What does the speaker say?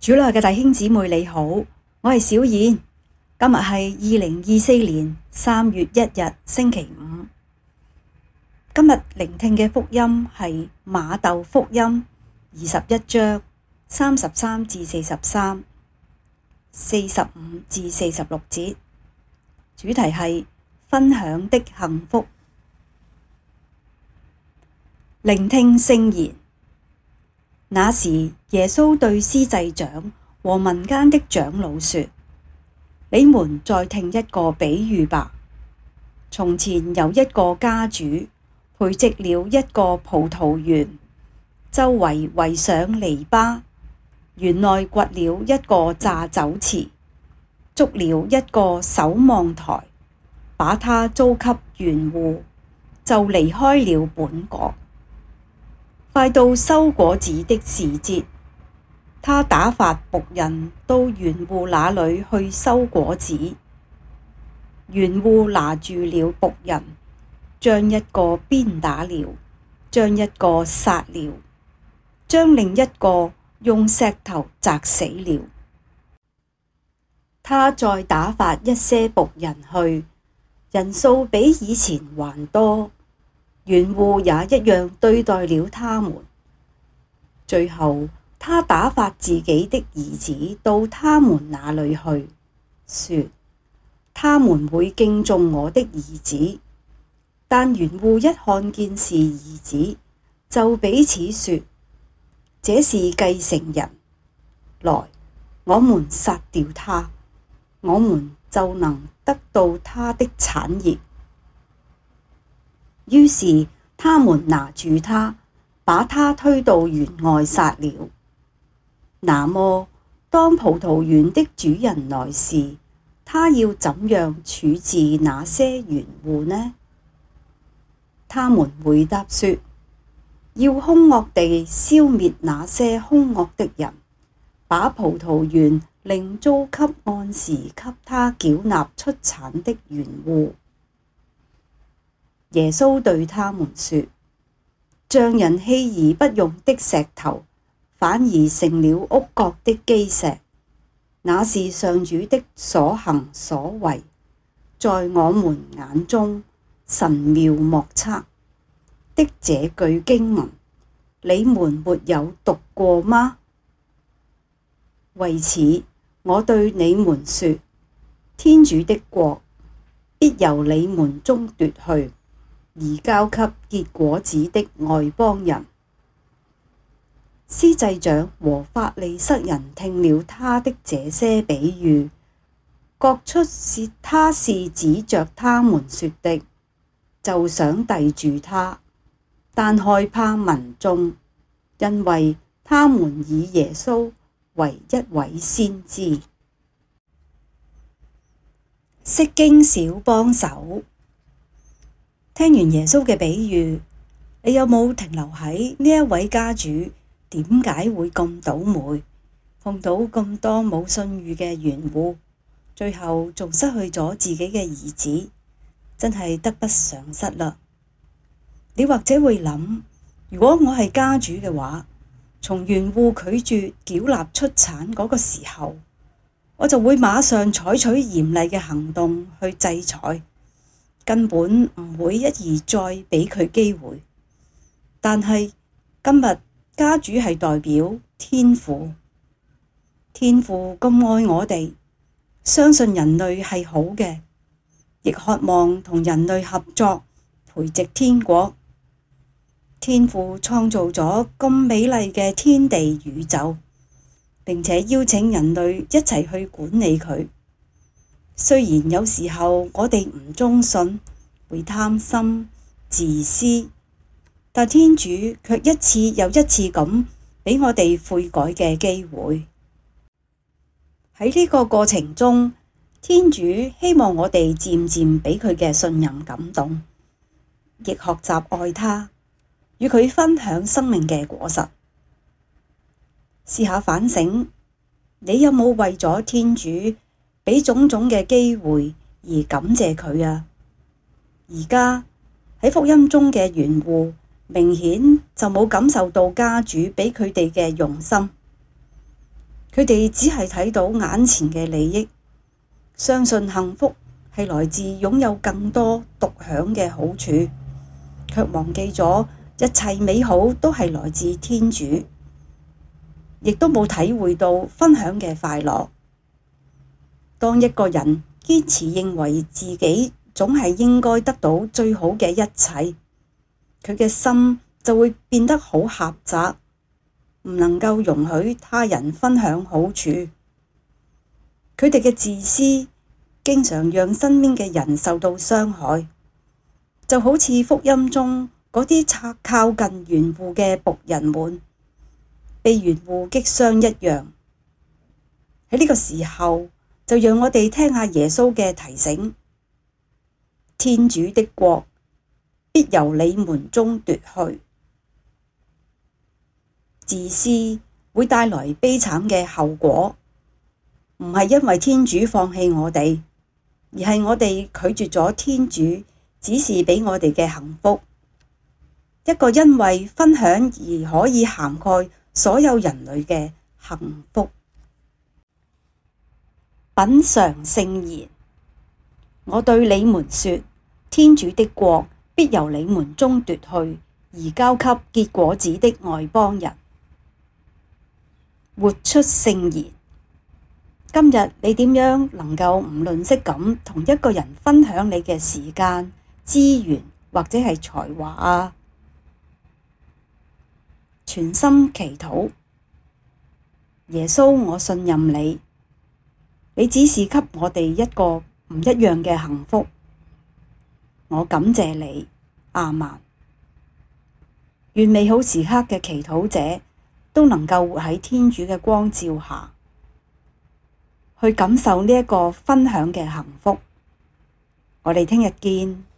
主內嘅弟兄姊妹你好，我係小燕。今日係二零二四年三月一日星期五。今日聆聽嘅福音係馬竇福音二十一章三十三至四十三、四十五至四十六節。主題係分享的幸福。聆聽聖言。那時。耶穌對司祭長和民間的長老說：你們再聽一個比喻吧。從前有一個家主培植了一個葡萄園，周圍圍上籬笆，園內掘了一個榨酒池，築了一個守望台，把它租給園戶，就離開了本國。快到收果子的時節。他打發僕人到園戶那裏去收果子，園戶拿住了僕人，將一個鞭打了，將一個殺了，將另一個用石頭砸死了。他再打發一些僕人去，人數比以前還多，園戶也一樣對待了他們。最後。他打發自己的兒子到他們那裏去，說他們會敬重我的兒子。但園戶一看見是兒子，就彼此說：這是繼承人，來，我們殺掉他，我們就能得到他的產業。於是他們拿住他，把他推到園外殺了。那麼，當葡萄園的主人來時，他要怎樣處置那些園戶呢？他們回答說：要凶惡地消滅那些凶惡的人，把葡萄園另租給按時給他繳納出產的園戶。耶穌對他們說：匠人棄而不用的石頭。反而成了屋角的基石，那是上主的所行所為，在我們眼中神妙莫測的這句經文，你們沒有讀過嗎？為此，我對你們說，天主的國必由你們中奪去，而交給結果子的外邦人。司祭長和法利塞人聽了他的這些比喻，覺出是他是指着他們說的，就想逮住他，但害怕民眾，因為他們以耶穌為一位先知。釋經小幫手，聽完耶穌嘅比喻，你有冇停留喺呢一位家主？點解會咁倒霉？碰到咁多冇信譽嘅園戶，最後仲失去咗自己嘅兒子，真係得不償失啦！你或者會諗，如果我係家主嘅話，從園戶拒絕繳納出產嗰個時候，我就會馬上採取嚴厲嘅行動去制裁，根本唔會一而再畀佢機會。但係今日。家主係代表天父，天父咁愛我哋，相信人類係好嘅，亦渴望同人類合作培植天國。天父創造咗咁美麗嘅天地宇宙，並且邀請人類一齊去管理佢。雖然有時候我哋唔忠信，會貪心、自私。但天主卻一次又一次咁畀我哋悔改嘅機會。喺呢個過程中，天主希望我哋漸漸畀佢嘅信任感動，亦學習愛他，與佢分享生命嘅果實。試下反省，你有冇為咗天主畀種種嘅機會而感謝佢啊？而家喺福音中嘅園戶。明顯就冇感受到家主畀佢哋嘅用心，佢哋只係睇到眼前嘅利益，相信幸福係來自擁有更多獨享嘅好處，卻忘記咗一切美好都係來自天主，亦都冇體會到分享嘅快樂。當一個人堅持認為自己總係應該得到最好嘅一切。佢嘅心就會變得好狹窄，唔能夠容許他人分享好處。佢哋嘅自私經常讓身邊嘅人受到傷害，就好似福音中嗰啲拆靠近園戶嘅僕人們被園戶擊傷一樣。喺呢個時候，就讓我哋聽下耶穌嘅提醒：天主的國。必由你們中奪去。自私會帶來悲慘嘅後果，唔係因為天主放棄我哋，而係我哋拒絕咗天主指示畀我哋嘅幸福，一個因為分享而可以涵蓋所有人類嘅幸福。品嘗聖言，我對你們說：天主的國。必由你們中奪去，而交給結果子的外邦人。活出聖言。今日你點樣能夠唔吝嗇咁同一個人分享你嘅時間、資源或者係才華啊？全心祈禱，耶穌，我信任你。你指示給我哋一個唔一樣嘅幸福。我感謝你。阿們，願美好時刻嘅祈禱者都能夠活喺天主嘅光照下，去感受呢一個分享嘅幸福。我哋聽日見。